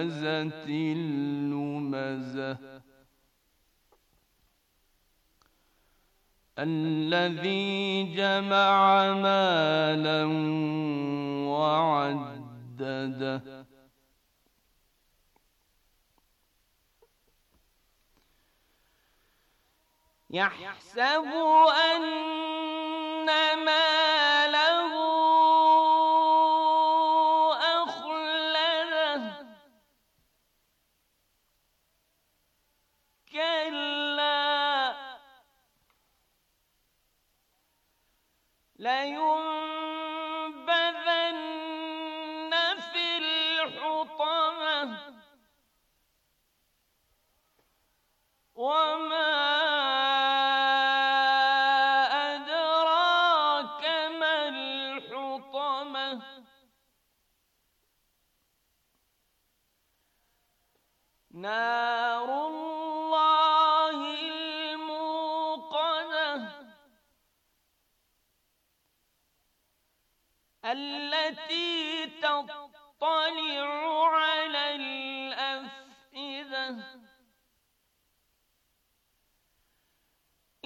همزة لمزة الذي جمع مالا وعدده يحسب أن مالا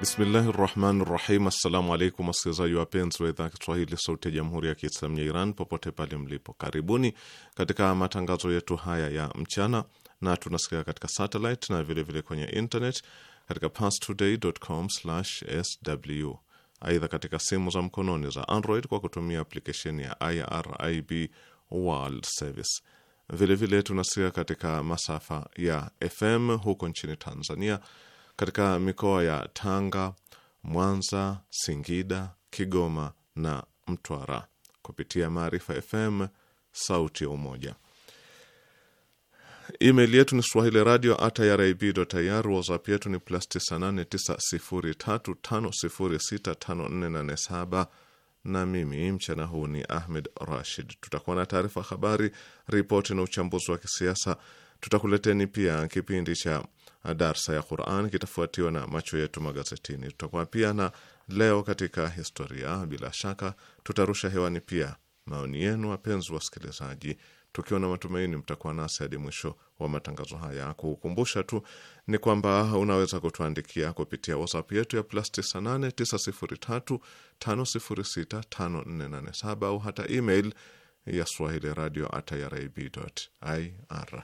Bismillahi rahmani rahim. Assalamu alaikum wasikilizaji wapenzi wa idhaa ya Kiswahili sauti ya jamhuri ya Kiislamu ya Iran popote pale mlipo, karibuni katika matangazo yetu haya ya mchana, na tunasikika katika satellite na vilevile vile kwenye internet katika pastodaycom sw Aidha, katika simu za mkononi za Android kwa kutumia aplikesheni ya IRIB World Service. Vilevile tunasikika katika masafa ya FM huko nchini Tanzania katika mikoa ya Tanga, Mwanza, Singida, Kigoma na Mtwara kupitia Maarifa FM, sauti ya Umoja. Email yetu ni swahili radio at WhatsApp yetu ni plus 989035065487 na mimi mchana huu ni Ahmed Rashid. Tutakuwa na taarifa, habari, ripoti na uchambuzi wa kisiasa. Tutakuleteni pia kipindi cha darsa ya Quran, kitafuatiwa na macho yetu magazetini. Tutakuwa pia na leo katika historia. Bila shaka tutarusha hewani pia maoni yenu, wapenzi wasikilizaji, tukiwa na matumaini mtakuwa nasi hadi mwisho wa matangazo haya. Kukumbusha tu ni kwamba unaweza kutuandikia kupitia WhatsApp yetu ya plus 989035065487 au hata email ya swahili radio at irib.ir.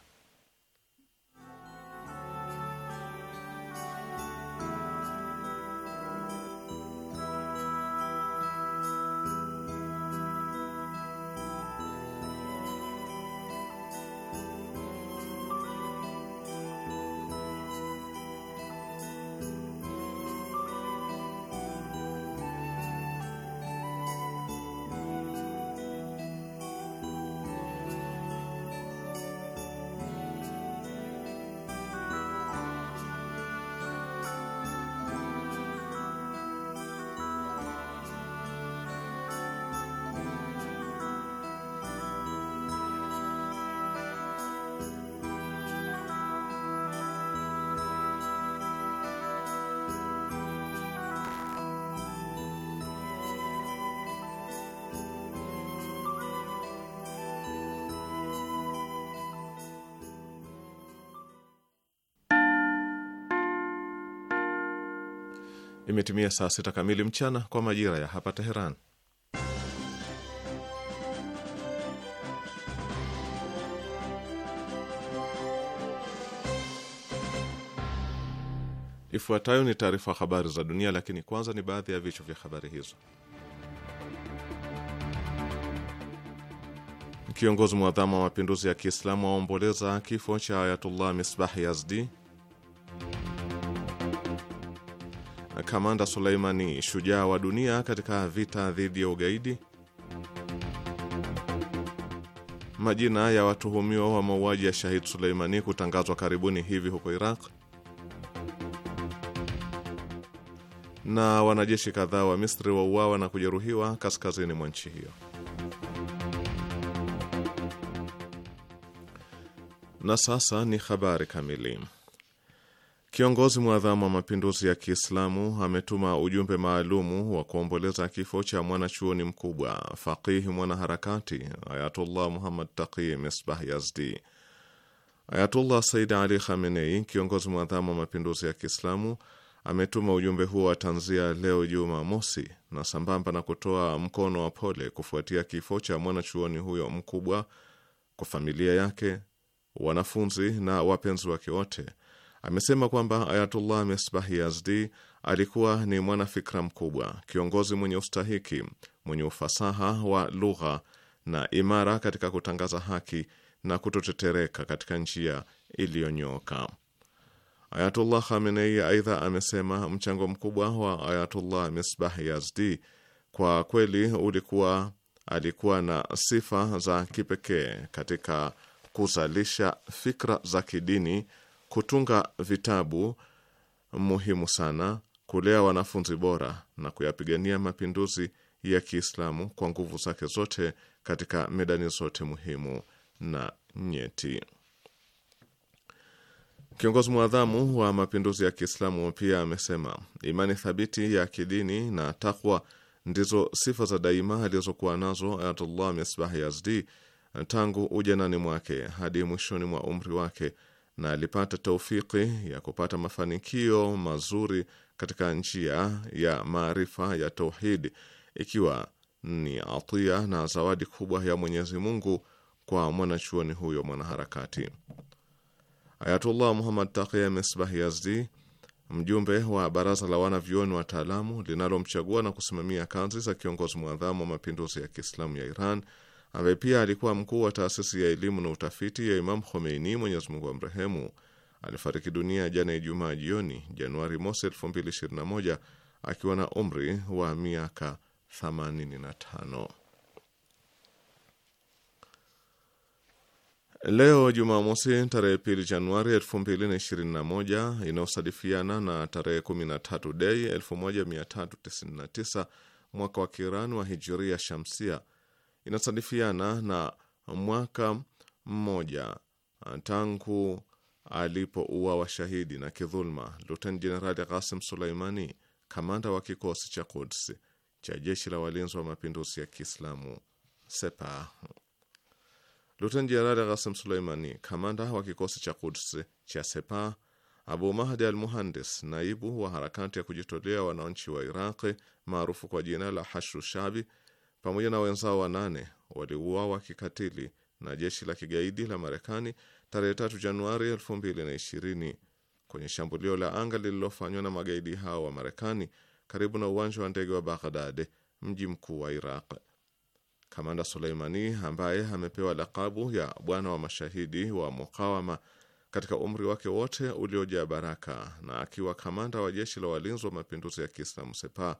imetimia saa sita kamili mchana kwa majira ya hapa Teheran. Ifuatayo ni taarifa habari za dunia, lakini kwanza ni baadhi ya vichwa vya habari hizo. Kiongozi mwadhama wa mapinduzi ya Kiislamu aomboleza kifo cha Ayatullah Misbah Yazdi. Kamanda Suleimani shujaa wa dunia katika vita dhidi ya ugaidi. Majina ya watuhumiwa wa mauaji ya Shahid Suleimani kutangazwa karibuni hivi huko Iraq. Na wanajeshi kadhaa wa Misri wauawa na kujeruhiwa kaskazini mwa nchi hiyo. Na sasa ni habari kamili. Kiongozi mwadhamu wa mapinduzi ya Kiislamu ametuma ujumbe maalumu wa kuomboleza kifo cha mwanachuoni mkubwa faqihi mwanaharakati Ayatullah Muhammad Taqi Misbah Yazdi. Ayatullah Said Ali Khamenei, kiongozi mwadhamu wa mapinduzi ya Kiislamu, ametuma ujumbe huo wa tanzia leo Juma Mosi, na sambamba na kutoa mkono wa pole kufuatia kifo cha mwanachuoni huyo mkubwa, kwa familia yake, wanafunzi na wapenzi wake wote amesema kwamba Ayatullah Misbah Yazdi alikuwa ni mwanafikra mkubwa, kiongozi mwenye ustahiki, mwenye ufasaha wa lugha na imara katika kutangaza haki na kutotetereka katika njia iliyonyooka. Ayatullah Khamenei aidha amesema mchango mkubwa wa Ayatullah Misbah Yazdi kwa kweli ulikuwa, alikuwa na sifa za kipekee katika kuzalisha fikra za kidini kutunga vitabu muhimu sana, kulea wanafunzi bora na kuyapigania mapinduzi ya Kiislamu kwa nguvu zake zote katika medani zote muhimu na nyeti. Kiongozi mwadhamu wa mapinduzi ya Kiislamu pia amesema imani thabiti ya kidini na takwa ndizo sifa za daima alizokuwa nazo Ayatullah Misbah Yazdi tangu ujanani mwake hadi mwishoni mwa umri wake na alipata taufiki ya kupata mafanikio mazuri katika njia ya maarifa ya tauhid, ikiwa ni atia na zawadi kubwa ya Mwenyezi Mungu kwa mwanachuoni huyo mwanaharakati. Ayatullah Muhammad Taqi Misbah Yazdi, mjumbe wa baraza la wanavyuoni wataalamu linalomchagua na kusimamia kazi za kiongozi mwadhamu wa mapinduzi ya Kiislamu ya Iran ambaye pia alikuwa mkuu wa taasisi ya elimu na utafiti ya Imam Khomeini, Mwenyezi Mungu amrehemu, alifariki dunia jana Ijumaa jioni Januari mosi 2021 akiwa na umri wa miaka 85. Leo Jumamosi tarehe pili Januari 2021 inayosadifiana na tarehe 13 Dei 1399 mwaka wa Kiirani wa Hijiria Shamsia inasadifiana na mwaka mmoja ah, tangu alipouawa washahidi na kidhulma Luteni Jenerali Qasim Suleimani, kamanda wa kikosi cha Quds cha jeshi la walinzi wa mapinduzi ya Kiislamu Sepa. Luteni Jenerali Qasim Suleimani, kamanda wa kikosi cha Quds cha sepa Abu Mahdi al Muhandis, naibu wa harakati ya kujitolea wananchi wa Iraqi maarufu kwa jina la Hashru Shabi pamoja na wenzao wanane waliuawa kikatili na jeshi la kigaidi la Marekani tarehe 3 Januari 2020 kwenye shambulio la anga lililofanywa na magaidi hao wa Marekani karibu na uwanja wa ndege wa Baghdad, mji mkuu wa Iraq. Kamanda Suleimani ambaye amepewa lakabu ya bwana wa mashahidi wa mukawama katika umri wake wote uliojaa baraka na akiwa kamanda wa jeshi la walinzi wa mapinduzi ya Kiislamu Sepah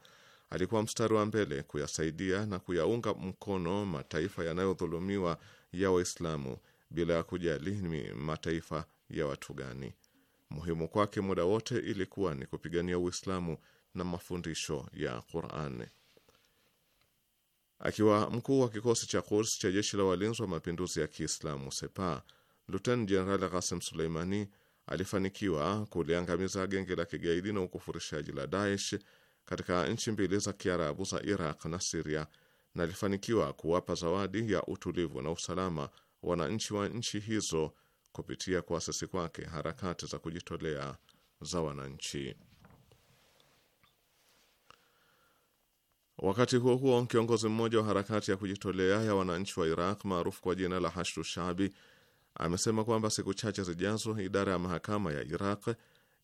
Alikuwa mstari wa mbele kuyasaidia na kuyaunga mkono mataifa yanayodhulumiwa ya Waislamu bila ya kujali ni mataifa ya watu gani. Muhimu kwake muda wote ilikuwa ni kupigania Uislamu na mafundisho ya Qur'an. Akiwa mkuu wa kikosi cha Quds cha jeshi la walinzi wa mapinduzi ya Kiislamu Sepa, Luteni Jenerali Qasim Suleimani alifanikiwa kuliangamiza genge la kigaidi na ukufurishaji la Daesh katika nchi mbili za Kiarabu za Iraq na Siria na alifanikiwa kuwapa zawadi ya utulivu na usalama wananchi wa nchi hizo kupitia kuasisi kwake harakati za kujitolea za wananchi. Wakati huo huo, kiongozi mmoja wa harakati ya kujitolea ya wananchi wa Iraq maarufu kwa jina la Hashdu Shabi amesema kwamba siku chache zijazo idara ya mahakama ya Iraq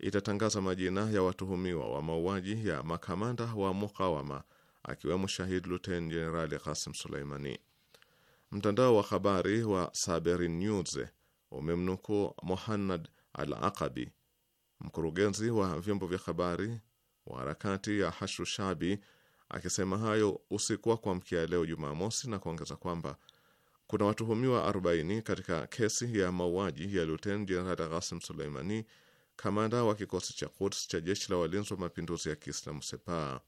itatangaza majina ya watuhumiwa wa mauaji ya makamanda wa mukawama akiwemo Shahid Luten Jenerali Qasim Suleimani. Mtandao wa habari wa Saberin News umemnukuu Mohannad Al Aqabi, mkurugenzi wa vyombo vya habari wa harakati ya Hashu Shabi akisema hayo usiku wa kuamkia leo Jumamosi, na kuongeza kwamba kuna watuhumiwa 40 katika kesi ya mauaji ya Luten Jenerali Qasim Suleimani kamanda wa kikosi cha Quds cha jeshi la walinzi wa mapinduzi ya Kiislamu Sepa.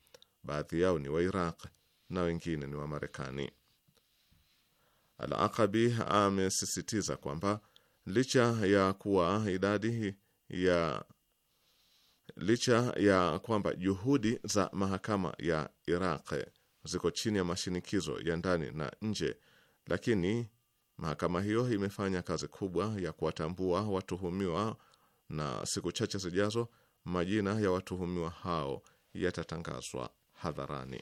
Baadhi yao ni wa Iraq na wengine ni wa Marekani. Al-Aqabi amesisitiza kwamba licha ya kuwa idadi ya licha ya kwamba juhudi za mahakama ya Iraq ziko chini ya mashinikizo ya ndani na nje, lakini mahakama hiyo imefanya kazi kubwa ya kuwatambua watuhumiwa na siku chache zijazo majina ya watuhumiwa hao yatatangazwa hadharani.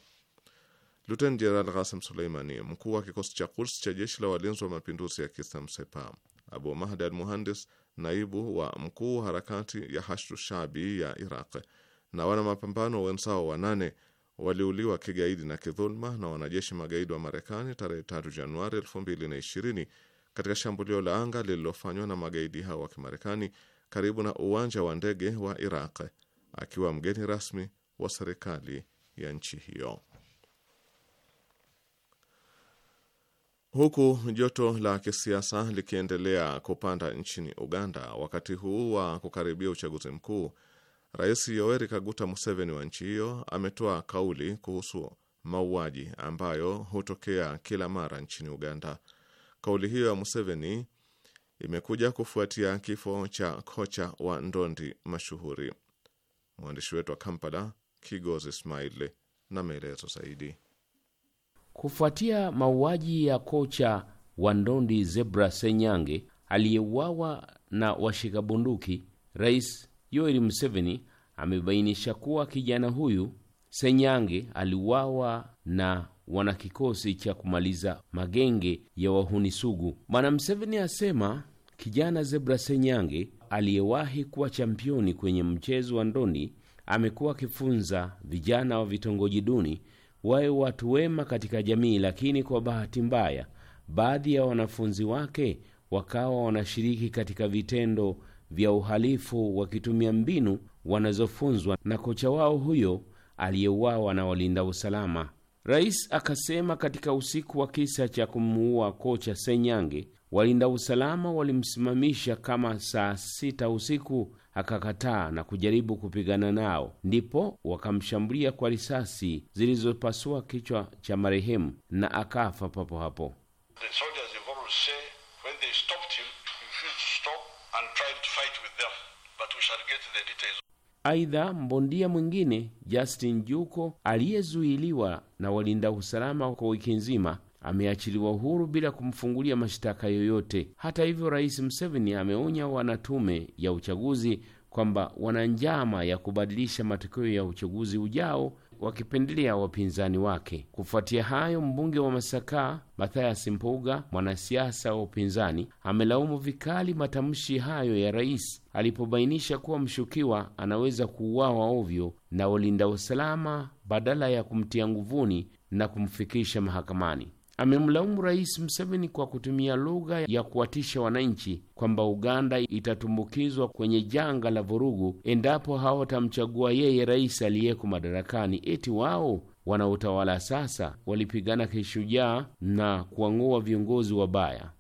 Luten Jeneral Qasim Suleimani, mkuu wa kikosi cha Quds cha jeshi la walinzi wa mapinduzi ya Kiislamu Sepa, Abu Mahdi al Muhandis, naibu wa mkuu wa harakati ya Hashdu Shabi ya Iraq, na wana mapambano wenzao wanane waliuliwa kigaidi na kidhulma na wanajeshi magaidi wa Marekani tarehe 3 Januari 2020 katika shambulio la anga lililofanywa na magaidi hao wa Kimarekani karibu na uwanja wa ndege wa Iraq akiwa mgeni rasmi wa serikali ya nchi hiyo. Huku joto la kisiasa likiendelea kupanda nchini Uganda wakati huu wa kukaribia uchaguzi mkuu, Rais Yoweri Kaguta Museveni wa nchi hiyo ametoa kauli kuhusu mauaji ambayo hutokea kila mara nchini Uganda. Kauli hiyo ya Museveni imekuja kufuatia kifo cha kocha wa ndondi mashuhuri. Mwandishi wetu wa Kampala, Kigozi Smaili, na maelezo zaidi. Kufuatia mauaji ya kocha wa ndondi Zebra Senyange aliyeuawa na washika bunduki, Rais Yoweri Museveni amebainisha kuwa kijana huyu Senyange aliuawa na wanakikosi cha kumaliza magenge ya wahuni sugu. Bwana Museveni asema Kijana Zebra Senyange aliyewahi kuwa championi kwenye mchezo wa ndoni amekuwa akifunza vijana wa vitongoji duni wawe watu wema katika jamii, lakini kwa bahati mbaya baadhi ya wanafunzi wake wakawa wanashiriki katika vitendo vya uhalifu wakitumia mbinu wanazofunzwa na kocha wao huyo aliyeuawa na walinda usalama. Rais akasema katika usiku wa kisa cha kumuua kocha Senyange Walinda usalama walimsimamisha kama saa sita usiku, akakataa na kujaribu kupigana nao, ndipo wakamshambulia kwa risasi zilizopasua kichwa cha marehemu na akafa papo hapo. Aidha, mbondia mwingine Justin Juko aliyezuiliwa na walinda usalama kwa wiki nzima ameachiliwa huru bila kumfungulia mashtaka yoyote. Hata hivyo, Rais Museveni ameonya wanatume ya uchaguzi kwamba wana njama ya kubadilisha matokeo ya uchaguzi ujao wakipendelea wapinzani wake. Kufuatia hayo, mbunge wa Masaka Mathayas Mpuga, mwanasiasa wa upinzani, amelaumu vikali matamshi hayo ya rais alipobainisha kuwa mshukiwa anaweza kuuawa ovyo na walinda usalama badala ya kumtia nguvuni na kumfikisha mahakamani amemlaumu Rais Museveni kwa kutumia lugha ya kuwatisha wananchi kwamba Uganda itatumbukizwa kwenye janga la vurugu endapo hawatamchagua yeye rais aliyeko madarakani. Eti wao wanaotawala sasa walipigana kishujaa na kuang'oa viongozi wabaya.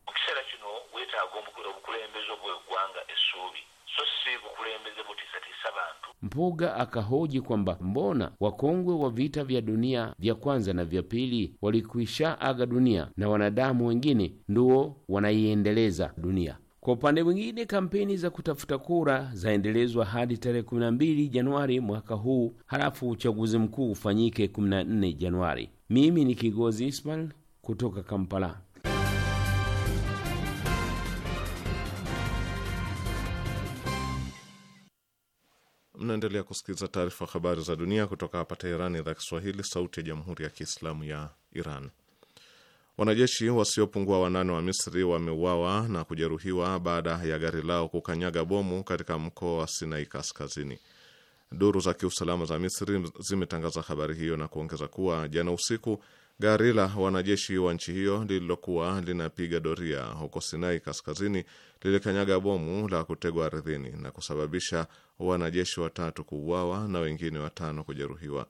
Mpuga akahoji kwamba mbona wakongwe wa vita vya dunia vya kwanza na vya pili walikwisha aga dunia na wanadamu wengine ndio wanaiendeleza dunia. Kwa upande mwingine, kampeni za kutafuta kura zaendelezwa hadi tarehe 12 Januari mwaka huu, halafu uchaguzi mkuu ufanyike 14 Januari. Mimi ni Kigozi Ismail kutoka Kampala. mnaendelea kusikiliza taarifa habari za dunia kutoka hapa Teherani, idhaa Kiswahili, sauti ya jamhuri ya kiislamu ya Iran. Wanajeshi wasiopungua wanane wa Misri wameuawa na kujeruhiwa baada ya gari lao kukanyaga bomu katika mkoa wa Sinai Kaskazini. Duru za kiusalama za Misri zimetangaza habari hiyo na kuongeza kuwa jana usiku gari la wanajeshi wa nchi hiyo lililokuwa linapiga doria huko Sinai Kaskazini lilikanyaga bomu la kutegwa ardhini na kusababisha wanajeshi watatu kuuawa na wengine watano kujeruhiwa.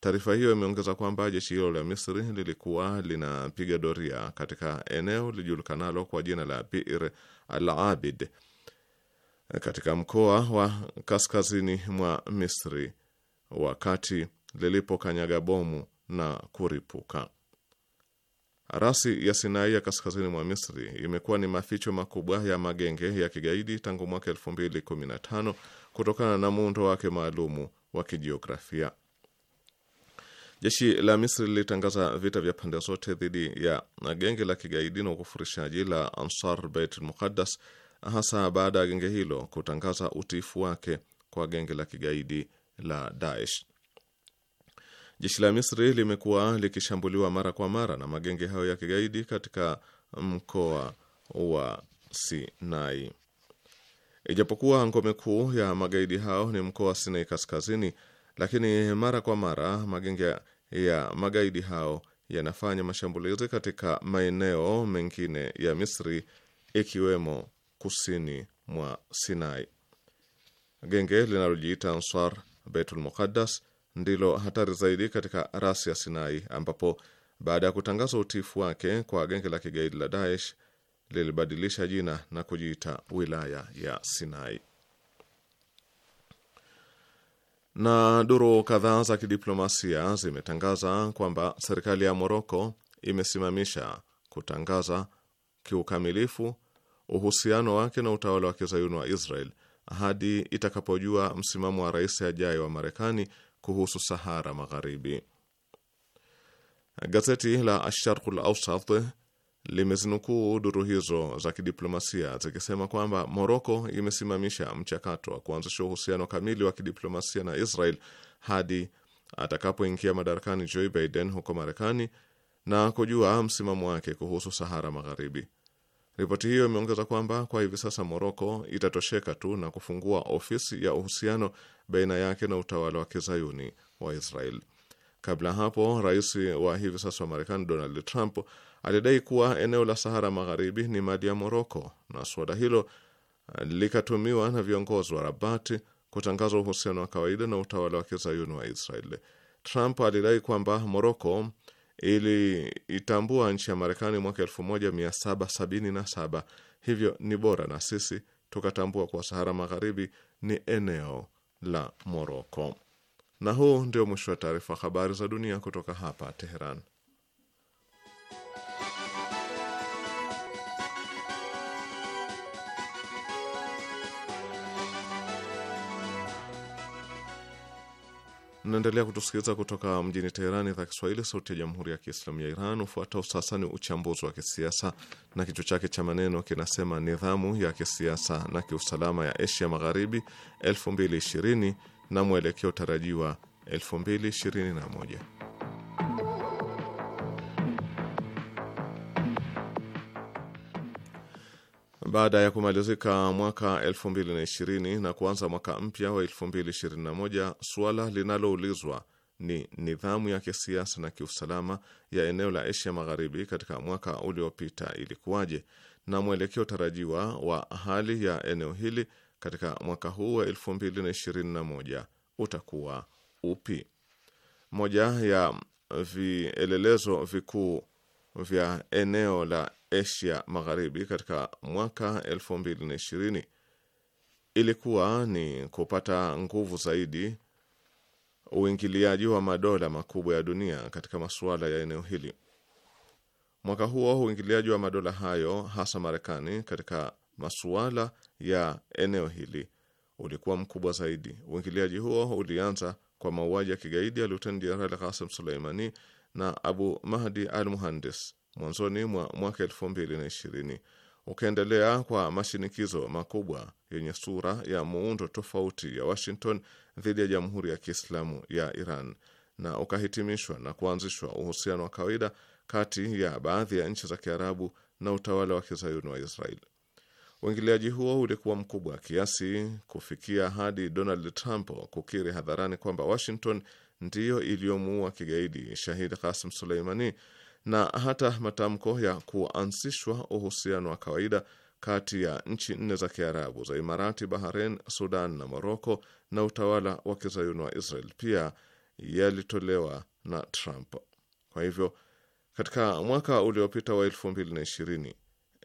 Taarifa hiyo imeongeza kwamba jeshi hilo la Misri lilikuwa linapiga doria katika eneo lijulikanalo kwa jina la Bir Al Abid katika mkoa wa kaskazini mwa Misri wakati lilipokanyaga bomu na kuripuka. Rasi ya Sinai ya kaskazini mwa Misri imekuwa ni maficho makubwa ya magenge ya kigaidi tangu mwaka 215 kutokana na muundo wake maalumu wa kijiografia. Jeshi la Misri lilitangaza vita vya pande zote dhidi ya genge la kigaidi na ukufurishaji la Ansar Baitul Muqaddas, hasa baada ya genge hilo kutangaza utiifu wake kwa genge la kigaidi la Daesh. Jeshi la Misri limekuwa likishambuliwa mara kwa mara na magenge hayo ya kigaidi katika mkoa wa Sinai. Ijapokuwa ngome kuu ya magaidi hao ni mkoa wa Sinai Kaskazini, lakini mara kwa mara magenge ya magaidi hao yanafanya mashambulizi katika maeneo mengine ya Misri ikiwemo kusini mwa Sinai. Genge linalojiita nswar Baitul Muqaddas ndilo hatari zaidi katika rasi ya Sinai, ambapo baada ya kutangaza utiifu wake kwa genge la kigaidi la Daesh lilibadilisha jina na kujiita wilaya ya Sinai. Na duru kadhaa za kidiplomasia zimetangaza kwamba serikali ya Moroko imesimamisha kutangaza kiukamilifu uhusiano wake na utawala wa kizayuni wa Israel hadi itakapojua msimamo wa rais ajaye wa Marekani kuhusu Sahara Magharibi. Gazeti la Asharq al Awsat limezinukuu duru hizo za kidiplomasia zikisema kwamba Moroko imesimamisha mchakato wa kuanzisha uhusiano kamili wa kidiplomasia na Israel hadi atakapoingia madarakani Joe Biden huko Marekani na kujua msimamo wake kuhusu Sahara Magharibi. Ripoti hiyo imeongeza kwamba kwa hivi sasa Moroko itatosheka tu na kufungua ofisi ya uhusiano baina yake na utawala wa kizayuni wa Israel. Kabla hapo, rais wa hivi sasa wa Marekani Donald Trump alidai kuwa eneo la Sahara Magharibi ni mali ya Moroko na suala hilo likatumiwa na viongozi wa Rabati kutangaza uhusiano wa kawaida na utawala wa kizayuni wa Israel. Trump alidai kwamba Moroko iliitambua nchi ya Marekani mwaka 1777 hivyo ni bora na sisi tukatambua kuwa Sahara Magharibi ni eneo la Moroko. Na huu ndio mwisho wa taarifa habari za dunia kutoka hapa Teheran. naendelea kutusikiliza kutoka mjini Teherani, idhaa Kiswahili, sauti ya jamhuri ya kiislamu ya Iran. Hufuata usasa ni uchambuzi wa kisiasa na kichwa chake cha maneno kinasema nidhamu ya kisiasa na kiusalama ya Asia Magharibi 2020 na mwelekeo tarajiwa 2021. Baada ya kumalizika mwaka 2020 na kuanza mwaka mpya wa 2021, suala linaloulizwa ni nidhamu ya kisiasa na kiusalama ya eneo la Asia Magharibi katika mwaka uliopita ilikuwaje, na mwelekeo tarajiwa wa hali ya eneo hili katika mwaka huu wa 2021 utakuwa upi? Moja ya vielelezo vikuu vya eneo la Asia Magharibi katika mwaka 2020 ilikuwa ni kupata nguvu zaidi uingiliaji wa madola makubwa ya dunia katika masuala ya eneo hili. Mwaka huo uingiliaji wa madola hayo, hasa Marekani, katika masuala ya eneo hili ulikuwa mkubwa zaidi. Uingiliaji huo ulianza kwa mauaji ya kigaidi ya Luteni Jenerali Qasim Suleimani na Abu Mahdi al Muhandis mwanzoni mwa mwaka elfu mbili na ishirini ukiendelea kwa mashinikizo makubwa yenye sura ya muundo tofauti ya Washington dhidi ya Jamhuri ya Kiislamu ya Iran na ukahitimishwa na kuanzishwa uhusiano wa kawaida kati ya baadhi ya nchi za Kiarabu na utawala wa Kizayuni wa Israel. Uingiliaji huo ulikuwa mkubwa kiasi kufikia hadi Donald Trump kukiri hadharani kwamba Washington ndiyo iliyomuua kigaidi shahid Qasim Suleimani na hata matamko ya kuanzishwa uhusiano wa kawaida kati ya nchi nne za Kiarabu za Imarati, Bahrain, Sudan na Moroko na utawala wa kizayuni wa Israel pia yalitolewa na Trump. Kwa hivyo katika mwaka uliopita wa 2020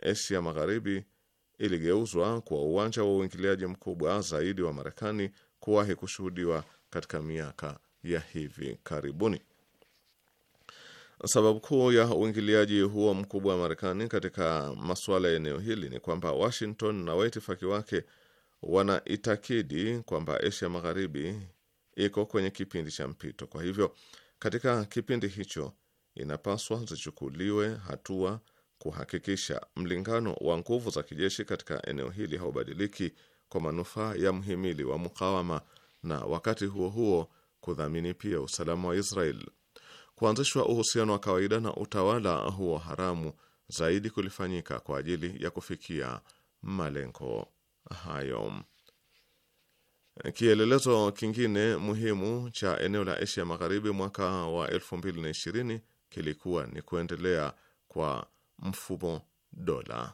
Asia Magharibi iligeuzwa kuwa uwanja wa uingiliaji mkubwa zaidi wa Marekani kuwahi kushuhudiwa katika miaka ya hivi karibuni. Sababu kuu ya uingiliaji huo mkubwa wa Marekani katika masuala ya eneo hili ni kwamba Washington na waitifaki wake wanaitakidi kwamba Asia Magharibi iko kwenye kipindi cha mpito. Kwa hivyo, katika kipindi hicho inapaswa zichukuliwe hatua kuhakikisha mlingano wa nguvu za kijeshi katika eneo hili haubadiliki kwa manufaa ya mhimili wa mukawama, na wakati huo huo kudhamini pia usalama wa Israel. Kuanzishwa uhusiano wa kawaida na utawala huo haramu zaidi kulifanyika kwa ajili ya kufikia malengo hayo. Kielelezo kingine muhimu cha eneo la Asia Magharibi mwaka wa 2020 kilikuwa ni kuendelea kwa mfumo dola.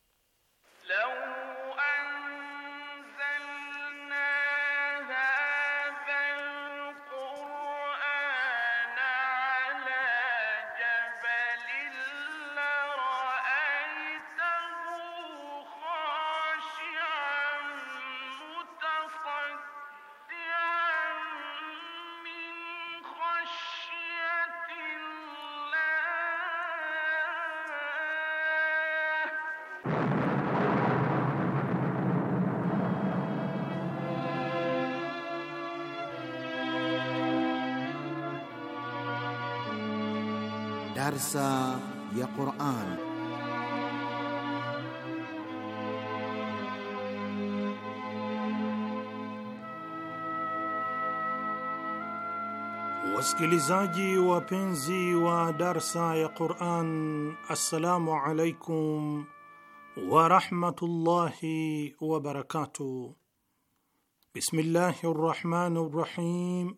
darsa ya Qur'an. Wasikilizaji wapenzi wa darsa ya Qur'an, assalamu alaikum wa rahmatullahi wa barakatuh. Bismillahir rahmanir rahim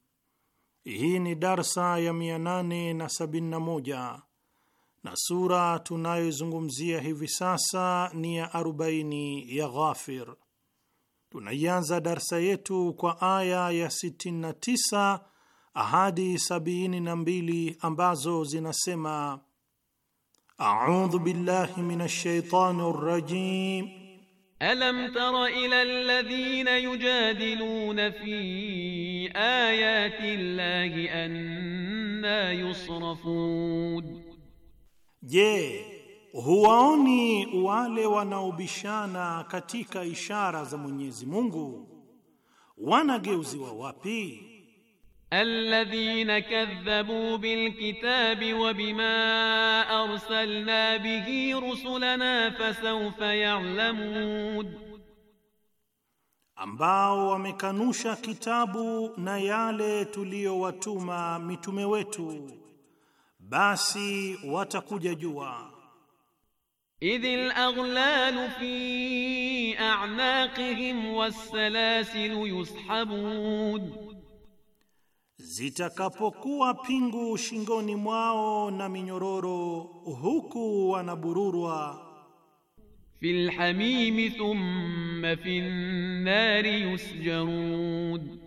Hii ni darsa ya 871 na, na sura tunayozungumzia hivi sasa ni ya 40 ya Ghafir. Tunaianza darsa yetu kwa aya ya 69 hadi 72 ambazo zinasema: audhu billahi minash shaitani Alam tara ila alladhina yujadiluna fi ayati llahi anna yusrafun, Je, huwaoni wale wanaobishana katika ishara za Mwenyezi Mungu wanageuziwa wapi? الذين كذبوا بالكتاب وبما أرسلنا به رسلنا فسوف يعلمون ambao wamekanusha kitabu na yale tuliyowatuma mitume wetu basi watakuja jua إذ الأغلال في أعناقهم والسلاسل يسحبون zitakapokuwa pingu shingoni mwao na minyororo huku wanabururwa. Fil hamim thumma fin nar yusjarun,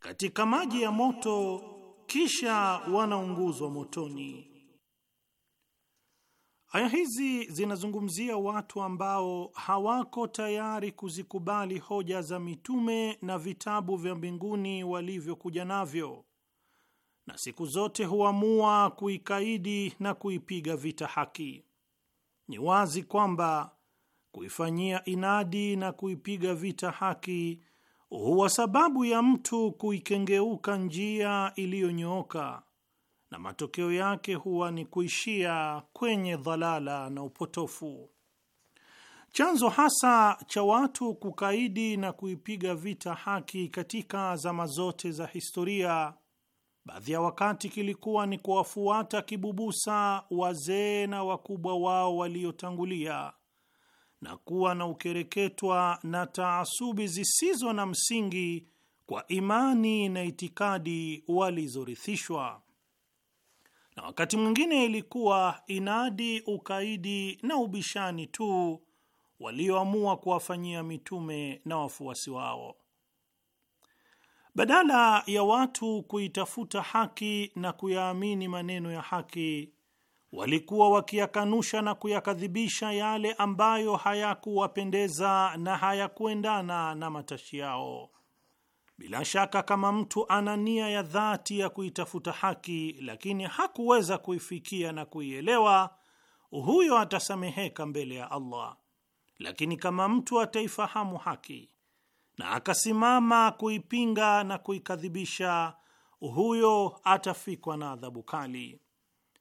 katika maji ya moto kisha wanaunguzwa motoni. Aya hizi zinazungumzia watu ambao hawako tayari kuzikubali hoja za mitume na vitabu vya mbinguni walivyokuja navyo, na siku zote huamua kuikaidi na kuipiga vita haki. Ni wazi kwamba kuifanyia inadi na kuipiga vita haki huwa sababu ya mtu kuikengeuka njia iliyonyooka na matokeo yake huwa ni kuishia kwenye dhalala na upotofu. Chanzo hasa cha watu kukaidi na kuipiga vita haki katika zama zote za historia, baadhi ya wakati kilikuwa ni kuwafuata kibubusa wazee na wakubwa wao waliotangulia na kuwa na ukereketwa na taasubi zisizo na msingi kwa imani na itikadi walizorithishwa na wakati mwingine ilikuwa inadi, ukaidi na ubishani tu walioamua kuwafanyia mitume na wafuasi wao. Badala ya watu kuitafuta haki na kuyaamini maneno ya haki, walikuwa wakiyakanusha na kuyakadhibisha yale ambayo hayakuwapendeza na hayakuendana na matashi yao. Bila shaka kama mtu ana nia ya dhati ya kuitafuta haki lakini hakuweza kuifikia na kuielewa, huyo atasameheka mbele ya Allah. Lakini kama mtu ataifahamu haki na akasimama kuipinga na kuikadhibisha, huyo atafikwa na adhabu kali,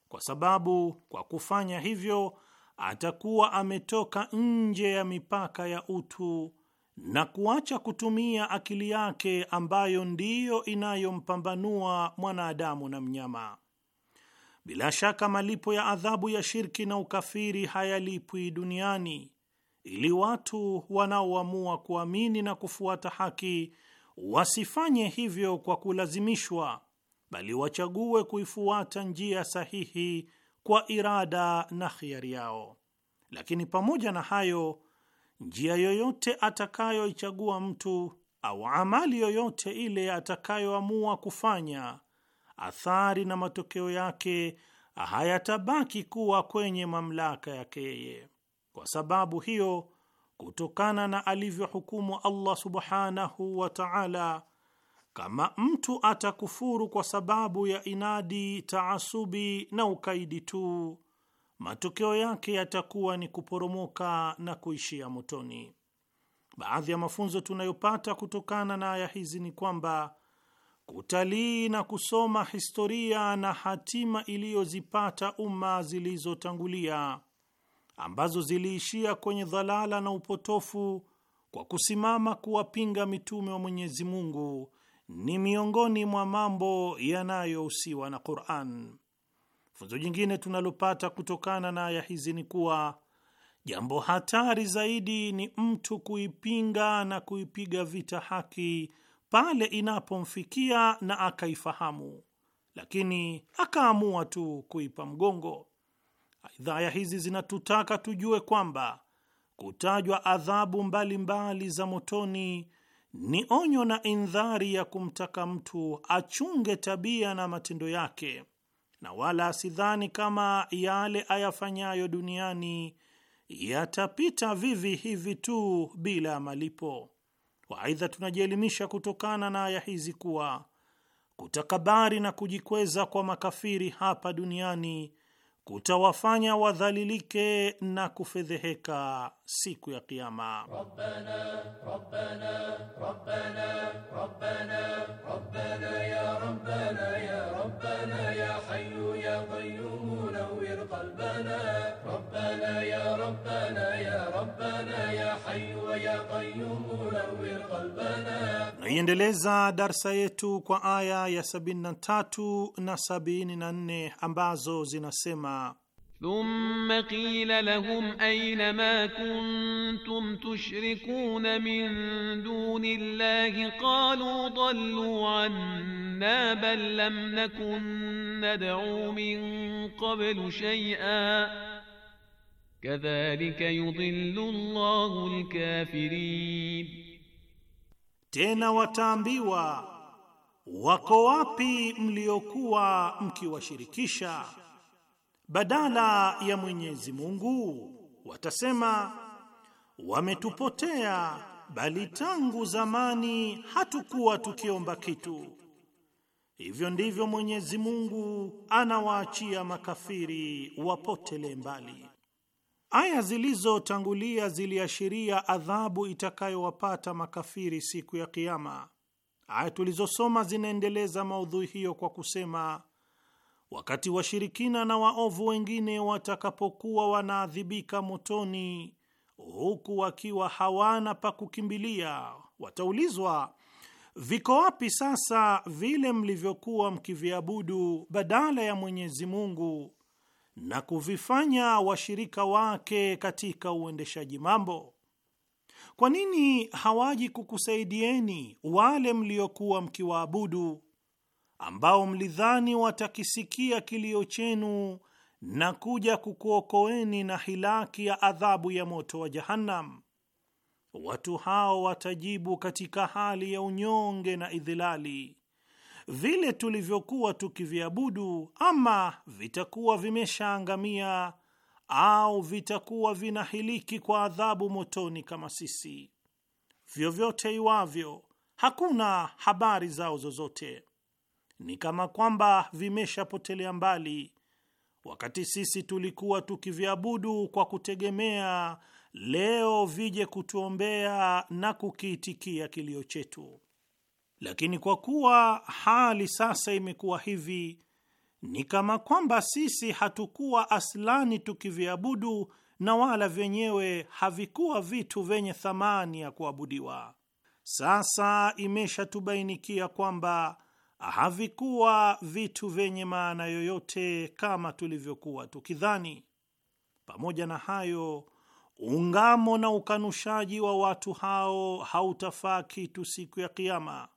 kwa sababu kwa kufanya hivyo atakuwa ametoka nje ya mipaka ya utu na kuacha kutumia akili yake ambayo ndiyo inayompambanua mwanadamu na mnyama. Bila shaka malipo ya adhabu ya shirki na ukafiri hayalipwi duniani, ili watu wanaoamua kuamini na kufuata haki wasifanye hivyo kwa kulazimishwa, bali wachague kuifuata njia sahihi kwa irada na khiari yao. Lakini pamoja na hayo njia yoyote atakayoichagua mtu au amali yoyote ile atakayoamua kufanya, athari na matokeo yake hayatabaki kuwa kwenye mamlaka yake yeye. Kwa sababu hiyo, kutokana na alivyohukumu Allah subhanahu wa ta'ala, kama mtu atakufuru kwa sababu ya inadi, taasubi na ukaidi tu matokeo yake yatakuwa ni kuporomoka na kuishia motoni. Baadhi ya mafunzo tunayopata kutokana na aya hizi ni kwamba kutalii na kusoma historia na hatima iliyozipata umma zilizotangulia ambazo ziliishia kwenye dhalala na upotofu kwa kusimama kuwapinga mitume wa Mwenyezi Mungu ni miongoni mwa mambo yanayohusiwa na Qur'an. Funzo jingine tunalopata kutokana na aya hizi ni kuwa jambo hatari zaidi ni mtu kuipinga na kuipiga vita haki pale inapomfikia na akaifahamu, lakini akaamua tu kuipa mgongo. Aidha, aya hizi zinatutaka tujue kwamba kutajwa adhabu mbalimbali mbali za motoni ni onyo na indhari ya kumtaka mtu achunge tabia na matendo yake na wala asidhani kama yale ayafanyayo duniani yatapita vivi hivi tu bila ya malipo. waidha tunajielimisha kutokana na aya hizi kuwa kutakabari na kujikweza kwa makafiri hapa duniani kutawafanya wadhalilike na kufedheheka siku ya Kiama. Rabbana, Rabbana, Rabbana, Rabbana, Rabbana ya Rabbana ya Rabbana ya Hayyu ya Qayyum nawwir qalbana Rabbana ya Rabbana ya Rabbana ya Hayyu ya Qayyum nawwir qalbana. Naiendeleza darsa yetu kwa aya ya 73 na 74 ambazo zinasema ثم قيل لهم أين ما كنتم تشركون من دون الله قالوا ضلوا عنا بل لم نكن ندعو من قبل شيئا كذلك يضل الله الكافرين تينا wataambiwa وكوابي مليوكوا مكي وشركيشا badala ya Mwenyezi Mungu, watasema wametupotea, bali tangu zamani hatukuwa tukiomba kitu. Hivyo ndivyo Mwenyezi Mungu anawaachia makafiri wapotele mbali. Aya zilizotangulia ziliashiria adhabu itakayowapata makafiri siku ya Kiyama. Aya tulizosoma zinaendeleza maudhui hiyo kwa kusema Wakati washirikina na waovu wengine watakapokuwa wanaadhibika motoni, huku wakiwa hawana pa kukimbilia, wataulizwa, viko wapi sasa vile mlivyokuwa mkiviabudu badala ya Mwenyezi Mungu na kuvifanya washirika wake katika uendeshaji mambo? Kwa nini hawaji kukusaidieni wale mliokuwa mkiwaabudu ambao mlidhani watakisikia kilio chenu na kuja kukuokoeni na hilaki ya adhabu ya moto wa Jahannam. Watu hao watajibu katika hali ya unyonge na idhilali, vile tulivyokuwa tukiviabudu, ama vitakuwa vimeshaangamia au vitakuwa vinahiliki kwa adhabu motoni kama sisi. Vyovyote iwavyo, hakuna habari zao zozote ni kama kwamba vimeshapotelea mbali, wakati sisi tulikuwa tukiviabudu kwa kutegemea leo vije kutuombea na kukiitikia kilio chetu. Lakini kwa kuwa hali sasa imekuwa hivi, ni kama kwamba sisi hatukuwa aslani tukiviabudu na wala vyenyewe havikuwa vitu vyenye thamani ya kuabudiwa. Sasa imeshatubainikia kwamba havikuwa vitu vyenye maana yoyote kama tulivyokuwa tukidhani. Pamoja na hayo, ungamo na ukanushaji wa watu hao hautafaa kitu siku ya Kiama,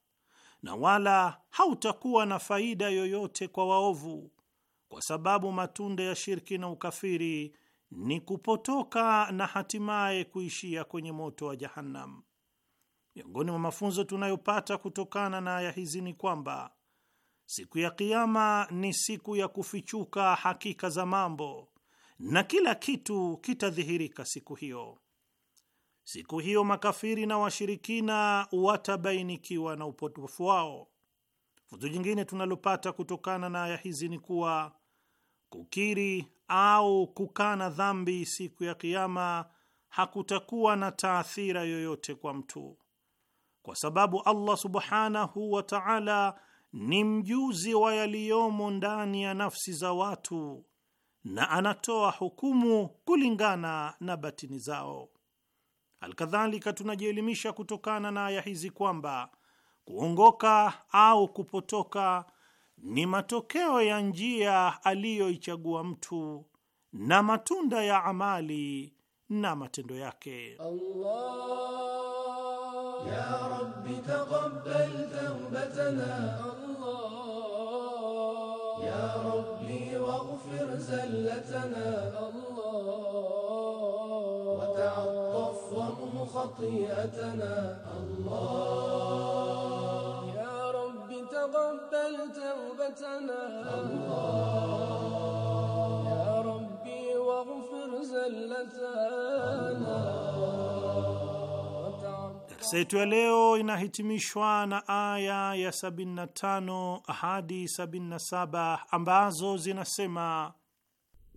na wala hautakuwa na faida yoyote kwa waovu, kwa sababu matunda ya shirki na ukafiri ni kupotoka na hatimaye kuishia kwenye moto wa Jahannam. Miongoni mwa mafunzo tunayopata kutokana na aya hizi ni kwamba Siku ya Kiama ni siku ya kufichuka hakika za mambo na kila kitu kitadhihirika siku hiyo. Siku hiyo makafiri na washirikina watabainikiwa na upotofu wao. Funzo jingine tunalopata kutokana na aya hizi ni kuwa kukiri au kukana dhambi siku ya Kiama hakutakuwa na taathira yoyote kwa mtu, kwa sababu Allah subhanahu wa taala ni mjuzi wa yaliyomo ndani ya nafsi za watu na anatoa hukumu kulingana na batini zao. Alkadhalika, tunajielimisha kutokana na aya hizi kwamba kuongoka au kupotoka ni matokeo ya njia aliyoichagua mtu na matunda ya amali na matendo yake. Allah, ya Rabbi, taqabbal tawbatana يا ربي واغفر زلتنا الله وتعطف وامه خطيئتنا الله يا رب تقبل توبتنا الله يا ربي واغفر زلتنا الله Darsa yetu ya leo inahitimishwa na aya ya 75 hadi 77 ambazo zinasema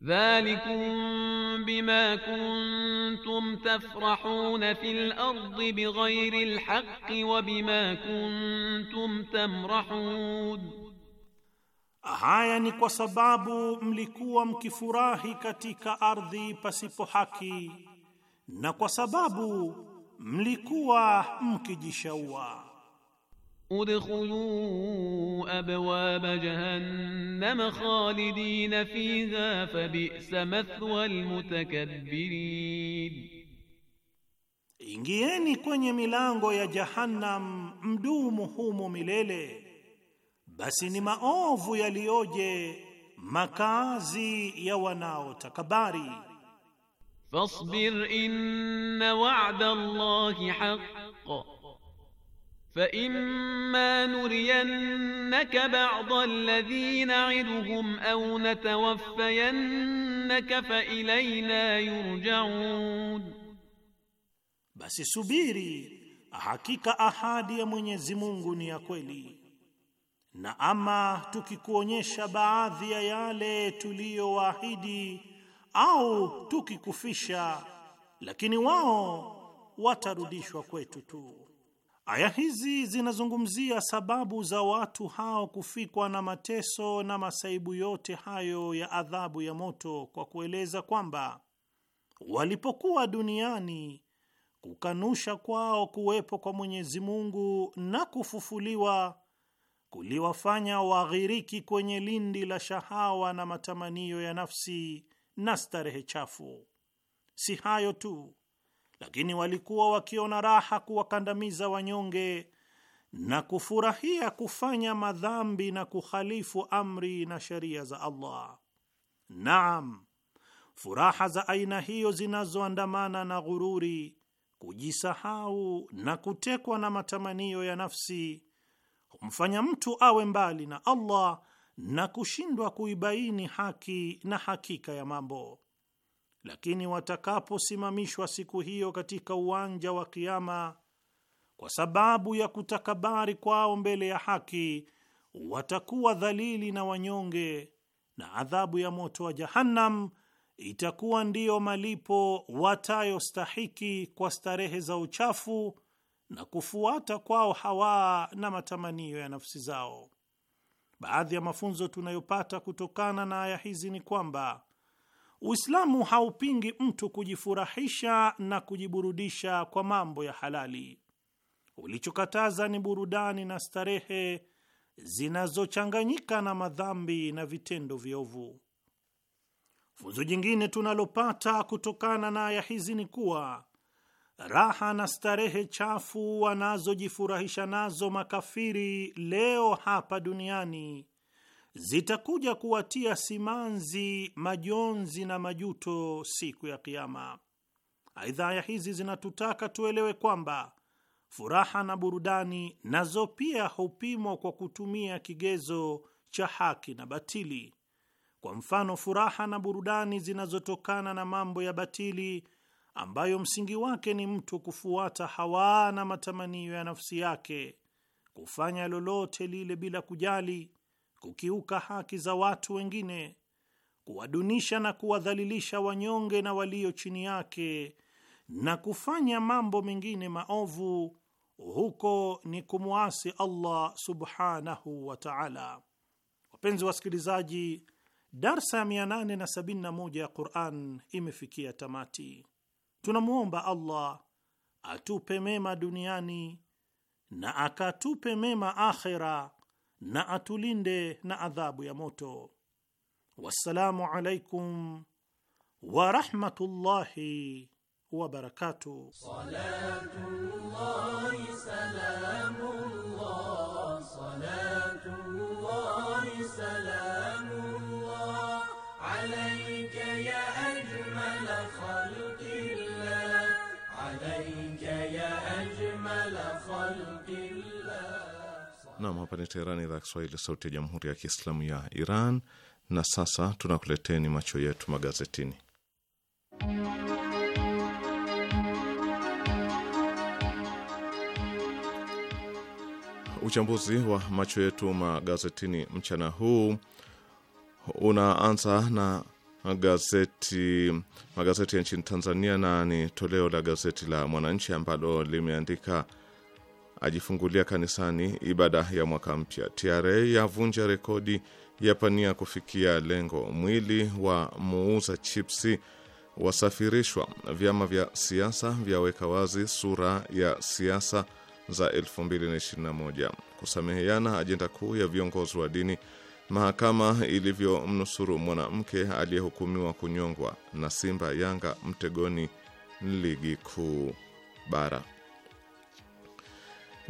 Dhalikum bima kuntum tafrahuna fil ardi bighairi alhaqqi wa bima kuntum tamrahun, haya ni kwa sababu mlikuwa mkifurahi katika ardhi pasipo haki na kwa sababu mlikuwa mkijishaua. udkhulu abwab jahannam khalidin fiha fabisa mathwa almutakabbirin, ingieni kwenye milango ya Jahannam mdumu humo milele, basi ni maovu yaliyoje makazi ya wanaotakabari fasbir inna wa'da Allahi haqq faimma nuriyannaka ba'da alladhi na'iduhum au natawaffayannaka failayna yurjaun, basi subiri, hakika ahadi ya Mwenyezi Mungu ni ya kweli na ama tukikuonyesha baadhi ya yale tuliyowaahidi au tukikufisha, lakini wao watarudishwa kwetu tu. Aya hizi zinazungumzia sababu za watu hao kufikwa na mateso na masaibu yote hayo ya adhabu ya moto, kwa kueleza kwamba walipokuwa duniani kukanusha kwao kuwepo kwa Mwenyezi Mungu na kufufuliwa kuliwafanya waghiriki kwenye lindi la shahawa na matamanio ya nafsi na starehe chafu. Si hayo tu, lakini walikuwa wakiona raha kuwakandamiza wanyonge na kufurahia kufanya madhambi na kukhalifu amri na sheria za Allah. Naam, furaha za aina hiyo zinazoandamana na ghururi, kujisahau na kutekwa na matamanio ya nafsi humfanya mtu awe mbali na Allah na kushindwa kuibaini haki na hakika ya mambo. Lakini watakaposimamishwa siku hiyo katika uwanja wa Kiama kwa sababu ya kutakabari kwao mbele ya haki, watakuwa dhalili na wanyonge, na adhabu ya moto wa Jahannam itakuwa ndiyo malipo watayostahiki kwa starehe za uchafu na kufuata kwao hawaa na matamanio ya nafsi zao. Baadhi ya mafunzo tunayopata kutokana na aya hizi ni kwamba Uislamu haupingi mtu kujifurahisha na kujiburudisha kwa mambo ya halali. Ulichokataza ni burudani na starehe zinazochanganyika na madhambi na vitendo viovu. Funzo jingine tunalopata kutokana na aya hizi ni kuwa raha na starehe chafu wanazojifurahisha nazo makafiri leo hapa duniani zitakuja kuwatia simanzi, majonzi na majuto siku ya Kiama. Aidha, aya hizi zinatutaka tuelewe kwamba furaha na burudani nazo pia hupimwa kwa kutumia kigezo cha haki na batili. Kwa mfano, furaha na burudani zinazotokana na mambo ya batili ambayo msingi wake ni mtu kufuata hawa na matamanio ya nafsi yake, kufanya lolote lile bila kujali, kukiuka haki za watu wengine, kuwadunisha na kuwadhalilisha wanyonge na walio chini yake, na kufanya mambo mengine maovu, huko ni kumwasi Allah subhanahu wa ta'ala. Wapenzi wasikilizaji, darsa ya 871 ya Qur'an imefikia tamati. Tunamwomba Allah atupe mema duniani na akatupe mema akhera na atulinde na adhabu ya moto. Wassalamu alaikum wa rahmatullahi Salatullahi salamu Nam, hapa ni Teherani, idhaa ya Kiswahili, sauti ya jamhuri ya kiislamu ya Iran. Na sasa tunakuleteni macho yetu magazetini. Uchambuzi wa macho yetu magazetini mchana huu unaanza na gazeti magazeti ya nchini Tanzania, na ni toleo la gazeti la Mwananchi ambalo limeandika ajifungulia kanisani ibada ya mwaka mpya. TRA yavunja rekodi ya pania kufikia lengo. Mwili wa muuza chipsi wasafirishwa. Vyama vya siasa vyaweka wazi sura ya siasa za 2021. Kusameheana ajenda kuu ya viongozi wa dini. Mahakama ilivyomnusuru mwanamke aliyehukumiwa kunyongwa. Na Simba Yanga mtegoni ligi kuu bara.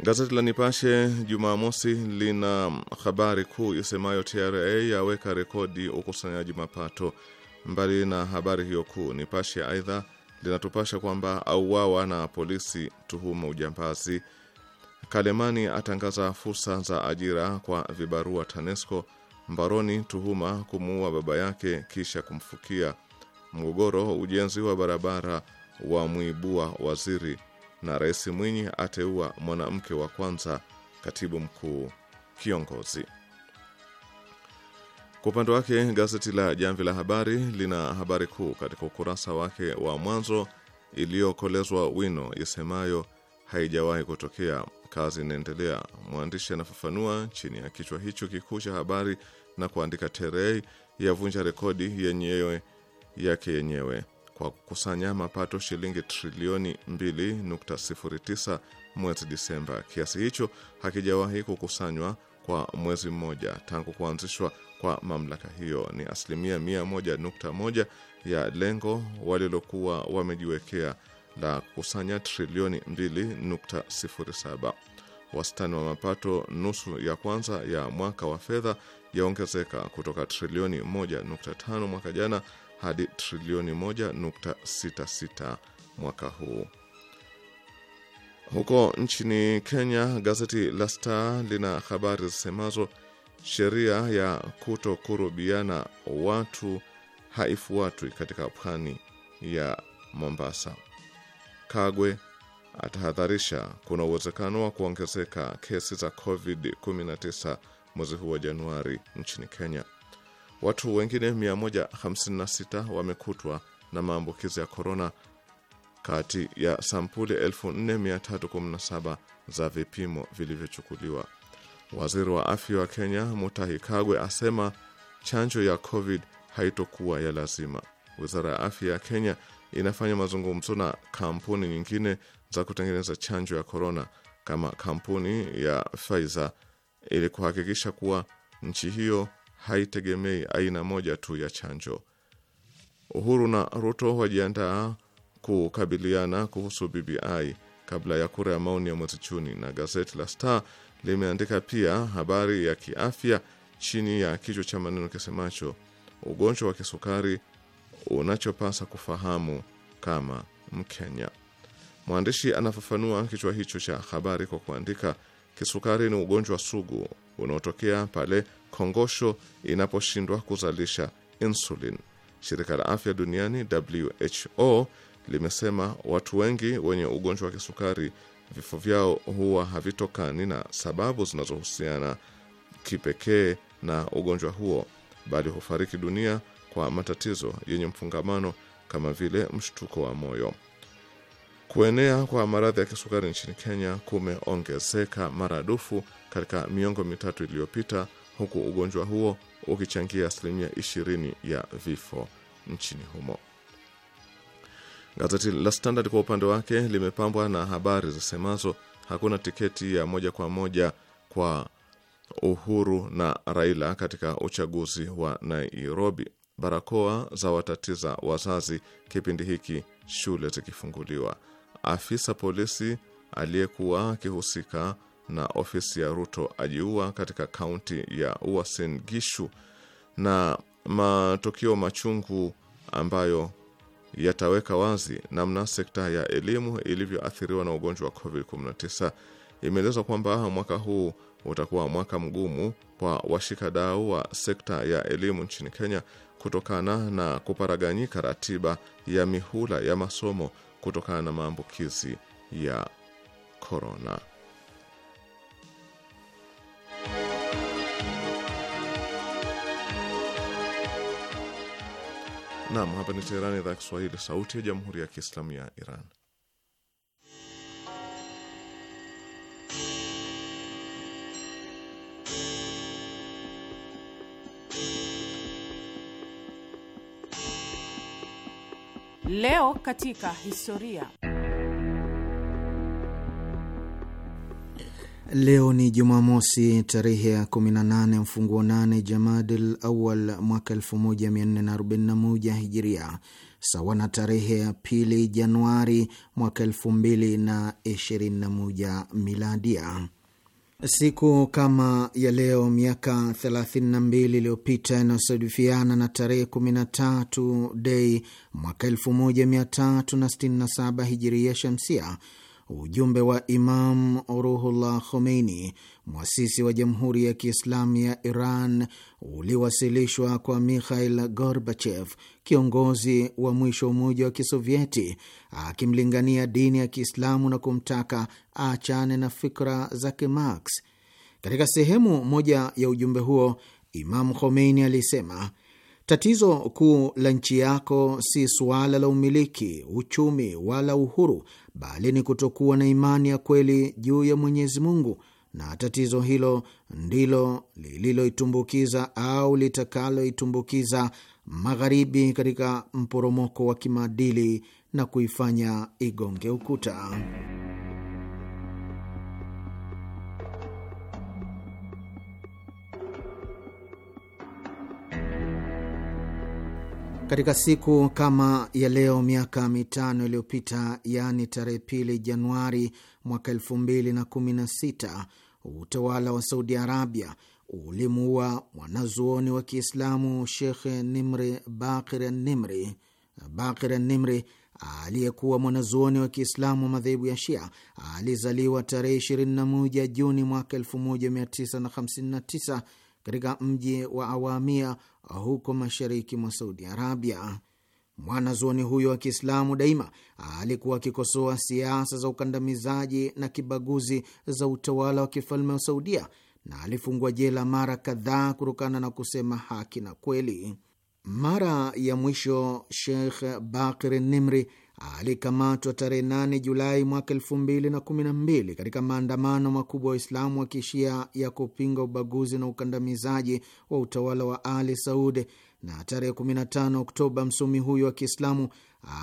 Gazeti la Nipashe Jumamosi lina habari kuu isemayo TRA yaweka rekodi ukusanyaji mapato. Mbali na habari hiyo kuu, Nipashe aidha linatupasha kwamba auawa na polisi tuhuma ujambazi. Kalemani atangaza fursa za ajira kwa vibarua TANESCO. Mbaroni tuhuma kumuua baba yake kisha kumfukia. Mgogoro ujenzi wa barabara wa mwibua waziri na Rais Mwinyi ateua mwanamke wa kwanza katibu mkuu kiongozi. Kwa upande wake gazeti la Jamvi la Habari lina habari kuu katika ukurasa wake wa mwanzo iliyokolezwa wino isemayo haijawahi kutokea, kazi inaendelea. Mwandishi anafafanua chini ya kichwa hicho kikuu cha habari na kuandika, TRA yavunja rekodi yenyewe yake yenyewe kwa kukusanya mapato shilingi trilioni 2.09 mwezi Disemba. Kiasi hicho hakijawahi kukusanywa kwa mwezi mmoja tangu kuanzishwa kwa mamlaka hiyo. Ni asilimia 101.1 ya lengo walilokuwa wamejiwekea la kukusanya trilioni 2.07. Wastani wa mapato nusu ya kwanza ya mwaka wa fedha yaongezeka kutoka trilioni 1.5 mwaka jana hadi trilioni 1.66 mwaka huu. Huko nchini Kenya, gazeti la Star lina habari zisemazo sheria ya kutokurubiana watu haifuatwi katika pwani ya Mombasa. Kagwe atahadharisha kuna uwezekano wa kuongezeka kesi za COVID-19 mwezi huu wa Januari nchini Kenya. Watu wengine 156 wamekutwa na maambukizi ya korona kati ya sampuli 4317 za vipimo vilivyochukuliwa. Waziri wa afya wa Kenya Mutahi Kagwe asema chanjo ya COVID haitokuwa ya lazima. Wizara ya afya ya Kenya inafanya mazungumzo na kampuni nyingine za kutengeneza chanjo ya korona kama kampuni ya Pfizer ili kuhakikisha kuwa nchi hiyo haitegemei aina moja tu ya chanjo. Uhuru na Ruto wajiandaa kukabiliana kuhusu BBI kabla ya kura ya maoni ya mwezi Juni. Na gazeti la Star limeandika pia habari ya kiafya chini ya kichwa cha maneno kisemacho ugonjwa wa kisukari unachopasa kufahamu kama Mkenya. Mwandishi anafafanua kichwa hicho cha habari kwa kuandika, kisukari ni ugonjwa sugu unaotokea pale kongosho inaposhindwa kuzalisha insulin. Shirika la afya duniani WHO limesema watu wengi wenye ugonjwa wa kisukari vifo vyao huwa havitokani na sababu zinazohusiana kipekee na ugonjwa huo, bali hufariki dunia kwa matatizo yenye mfungamano kama vile mshtuko wa moyo. Kuenea kwa maradhi ya kisukari nchini Kenya kumeongezeka maradufu katika miongo mitatu iliyopita huku ugonjwa huo ukichangia asilimia 20 ya vifo nchini humo. Gazeti la Standard kwa upande wake limepambwa na habari zisemazo hakuna tiketi ya moja kwa moja kwa Uhuru na Raila katika uchaguzi wa Nairobi. Barakoa za watatiza wazazi kipindi hiki shule zikifunguliwa. Afisa polisi aliyekuwa akihusika na ofisi ya Ruto ajiua katika kaunti ya Uasin Gishu, na matukio machungu ambayo yataweka wazi namna sekta ya elimu ilivyoathiriwa na ugonjwa wa COVID-19. Imeelezwa kwamba mwaka huu utakuwa mwaka mgumu kwa washikadau wa sekta ya elimu nchini Kenya kutokana na kuparaganyika ratiba ya mihula ya masomo kutokana na maambukizi ya korona. Naam, hapa ni Teherani, idhaa ya Kiswahili, sauti ya jamhuri ya kiislamu ya Iran. Leo katika historia Leo ni Jumamosi, tarehe ya 18 mfunguo 8 Jamadil Awal mwaka 1441 Hijiria, sawa na tarehe ya pili Januari mwaka 2021 Miladia. Siku kama ya leo miaka 32 iliyopita inayosadifiana na tarehe 13 Dei mwaka 1367 Hijiria Shamsia ujumbe wa Imam Ruhullah Khomeini, mwasisi wa Jamhuri ya Kiislamu ya Iran, uliwasilishwa kwa Mikhail Gorbachev, kiongozi wa mwisho wa Umoja wa Kisovyeti, akimlingania dini ya Kiislamu na kumtaka aachane na fikra za kimaks. Katika sehemu moja ya ujumbe huo, Imam Khomeini alisema Tatizo kuu la nchi yako si suala la umiliki, uchumi wala uhuru, bali ni kutokuwa na imani ya kweli juu ya Mwenyezi Mungu, na tatizo hilo ndilo lililoitumbukiza au litakaloitumbukiza Magharibi katika mporomoko wa kimaadili na kuifanya igonge ukuta. Katika siku kama ya leo miaka mitano iliyopita, yaani tarehe pili Januari mwaka elfu mbili na kumi na sita utawala wa Saudi Arabia ulimuua mwanazuoni wa Kiislamu Shekhe Nimri Bakir Nimri. Bakir Nimri aliyekuwa mwanazuoni wa Kiislamu wa madhehebu ya Shia alizaliwa tarehe 21 Juni mwaka 1959 katika mji wa Awamia huko mashariki mwa Saudi Arabia. Mwanazuoni huyo wa Kiislamu daima alikuwa akikosoa siasa za ukandamizaji na kibaguzi za utawala wa kifalme wa Saudia na alifungwa jela mara kadhaa kutokana na kusema haki na kweli. Mara ya mwisho Sheikh Bakir Nimri alikamatwa tarehe 8 Julai mwaka mbili katika maandamano makubwa wa Waislamu wa kishia ya kupinga ubaguzi na ukandamizaji wa utawala wa Ali saudi na tarehe 15 Oktoba msomi huyo wa Kiislamu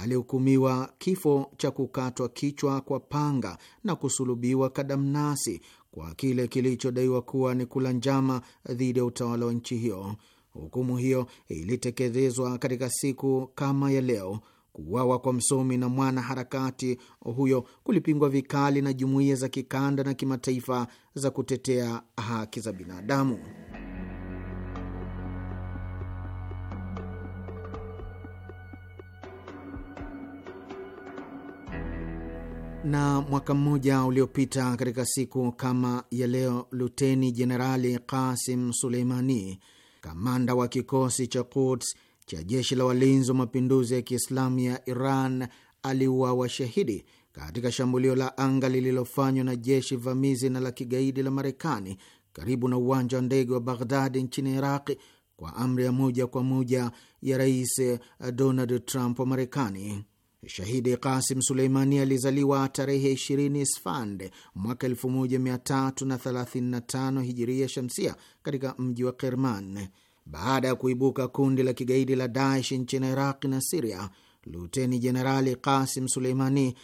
alihukumiwa kifo cha kukatwa kichwa kwa panga na kusulubiwa kadamnasi kwa kile kilichodaiwa kuwa ni kula njama dhidi ya utawala wa nchi hiyo. Hukumu hiyo ilitekelezwa katika siku kama ya leo Kuuawa kwa msomi na mwana harakati huyo kulipingwa vikali na jumuiya za kikanda na kimataifa za kutetea haki za binadamu. Na mwaka mmoja uliopita katika siku kama ya leo, Luteni Jenerali Kasim Suleimani, kamanda wa kikosi cha Quds cha jeshi la walinzi wa mapinduzi ya Kiislamu ya Iran aliuawa shahidi katika shambulio la anga lililofanywa na jeshi vamizi na la kigaidi la Marekani karibu na uwanja wa ndege wa Baghdadi nchini Iraqi kwa amri ya moja kwa moja ya Rais Donald Trump wa Marekani. Shahidi Kasim Suleimani alizaliwa tarehe 20 Sfand mwaka 1335 hijiria shamsia katika mji wa Kerman baada ya kuibuka kundi la kigaidi la Daesh nchini iraq na Siria, Luteni Jenerali Kasim Suleimani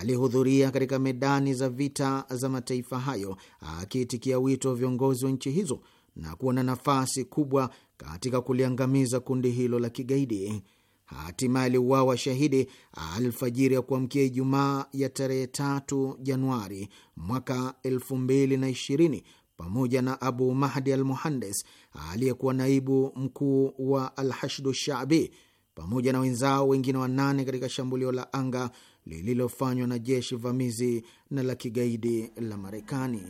alihudhuria katika medani za vita za mataifa hayo akiitikia wito wa viongozi wa nchi hizo na kuwa na nafasi kubwa katika kuliangamiza kundi hilo la kigaidi. Hatimaye aliuawa shahidi alfajiri ya kuamkia Ijumaa ya tarehe 3 Januari mwaka 2020 pamoja na Abu Mahdi al Muhandes aliyekuwa naibu mkuu wa Alhashdu Shabi pamoja na wenzao wengine wanane katika shambulio la anga lililofanywa na jeshi vamizi na la kigaidi la Marekani.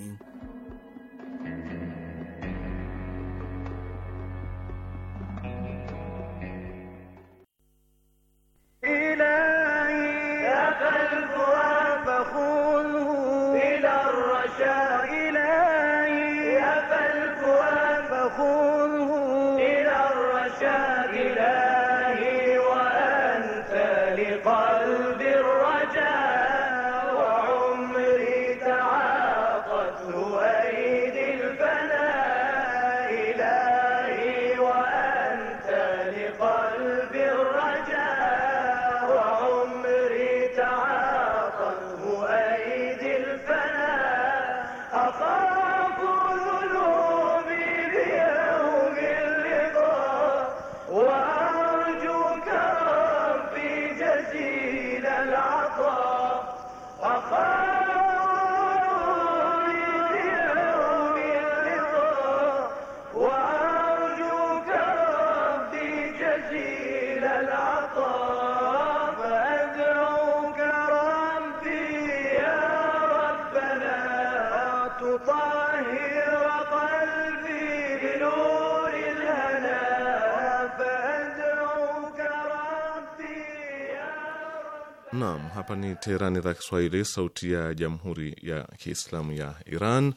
Hapa ni Teherani, idhaa Kiswahili, sauti ya jamhuri ya kiislamu ya Iran.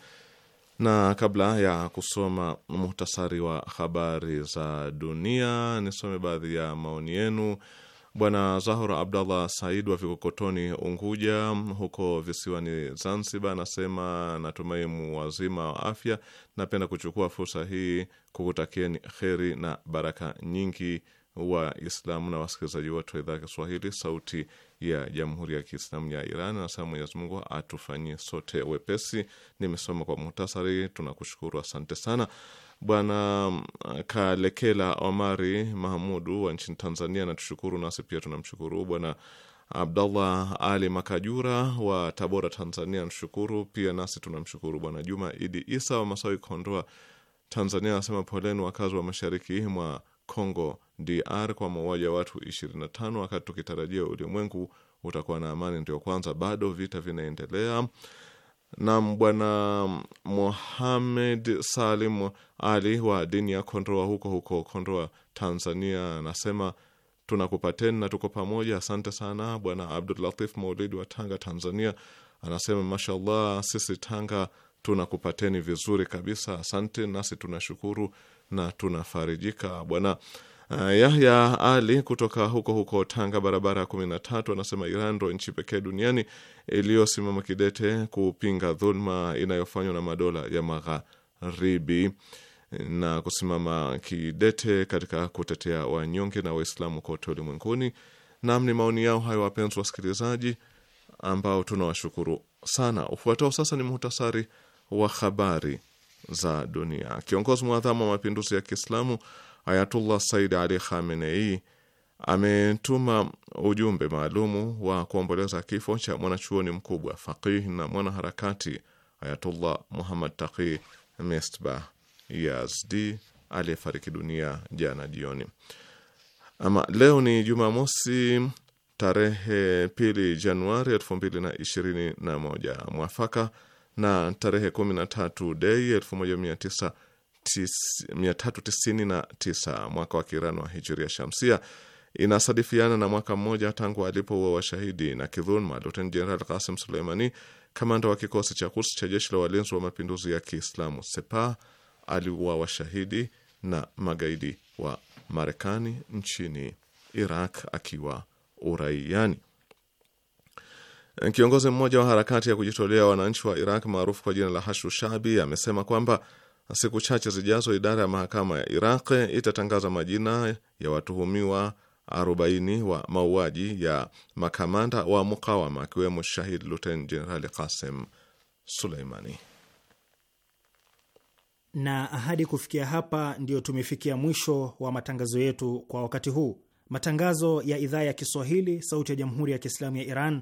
Na kabla ya kusoma muhtasari wa habari za dunia, nisome baadhi ya maoni yenu. Bwana zahur Abdallah Said wa Vikokotoni, Unguja, huko visiwani Zanzibar, anasema natumai muwazima wazima wa afya. Napenda kuchukua fursa hii kukutakieni kheri na baraka nyingi Waislamu na wasikilizaji wote wa idhaa ya Kiswahili sauti ya jamhuri ya Kiislamu ya Iran. Anasema Mwenyezi Mungu atufanyie sote wepesi. Nimesoma kwa muhtasari, tunakushukuru, asante sana. Bwana Kalekela Omari Mahmudu wa nchini Tanzania anatushukuru, nasi pia tunamshukuru. Bwana Abdallah Ali Makajura wa Tabora, Tanzania anatushukuru pia, nasi tunamshukuru. Bwana Juma Idi Isa wa Masawi, Kondoa, Tanzania anasema poleni wakazi wa mashariki mwa Kongo DR kwa mauaji ya watu 25 wakati tukitarajia ulimwengu utakuwa na amani. Ndio kwanza bado vita vinaendelea. Na bwana Mohamed Salim Ali wa dini ya Kondoa huko huko Kondoa, Tanzania, anasema tunakupateni na tuko pamoja. Asante sana. Bwana Abdulatif Maulidi wa Tanga, Tanzania, anasema mashallah, sisi Tanga tunakupateni vizuri kabisa. Asante, nasi tunashukuru na tunafarijika bwana. Uh, Yahya Ali kutoka huko huko Tanga, barabara ya kumi na tatu, anasema Iran ndo nchi pekee duniani iliyosimama kidete kupinga dhulma inayofanywa na madola ya Magharibi na kusimama kidete katika kutetea wanyonge na Waislamu kote ulimwenguni. Nam, ni maoni yao hayo, wapenzi wasikilizaji, ambao tunawashukuru sana. Ufuatao sasa ni muhtasari wa habari za dunia. Kiongozi mwadhamu wa mapinduzi ya Kiislamu Ayatullah Said Ali Khamenei ametuma ujumbe maalumu wa kuomboleza kifo cha mwanachuoni mkubwa faqih na mwanaharakati Ayatullah Muhammad Taqi Mestbah Yazdi aliyefariki dunia jana jioni. Ama leo ni Jumamosi tarehe pili Januari elfu mbili na ishirini na moja mwafaka na tarehe 13 Dei 1399 mwaka wa Kirani wa Hijiria Shamsia inasadifiana na mwaka mmoja tangu alipoua washahidi na kidhulma Luteni Jeneral Kasim Suleimani, kamanda wa kikosi cha kursi cha jeshi la walinzi wa mapinduzi ya Kiislamu sepa aliuwa washahidi na magaidi wa Marekani nchini Iraq akiwa uraiani. Kiongozi mmoja wa harakati ya kujitolea wananchi wa Iraq maarufu kwa jina la Hashdu Shabi amesema kwamba siku chache zijazo idara ya mahakama ya Iraq itatangaza majina ya watuhumiwa 40 wa mauaji ya makamanda wa mukawama akiwemo Shahid Luten Jenerali Qasim Suleimani. Na ahadi kufikia hapa, ndiyo tumefikia mwisho wa matangazo yetu kwa wakati huu. Matangazo ya idhaa ya Kiswahili sauti ya jamhuri ya Kiislamu ya Iran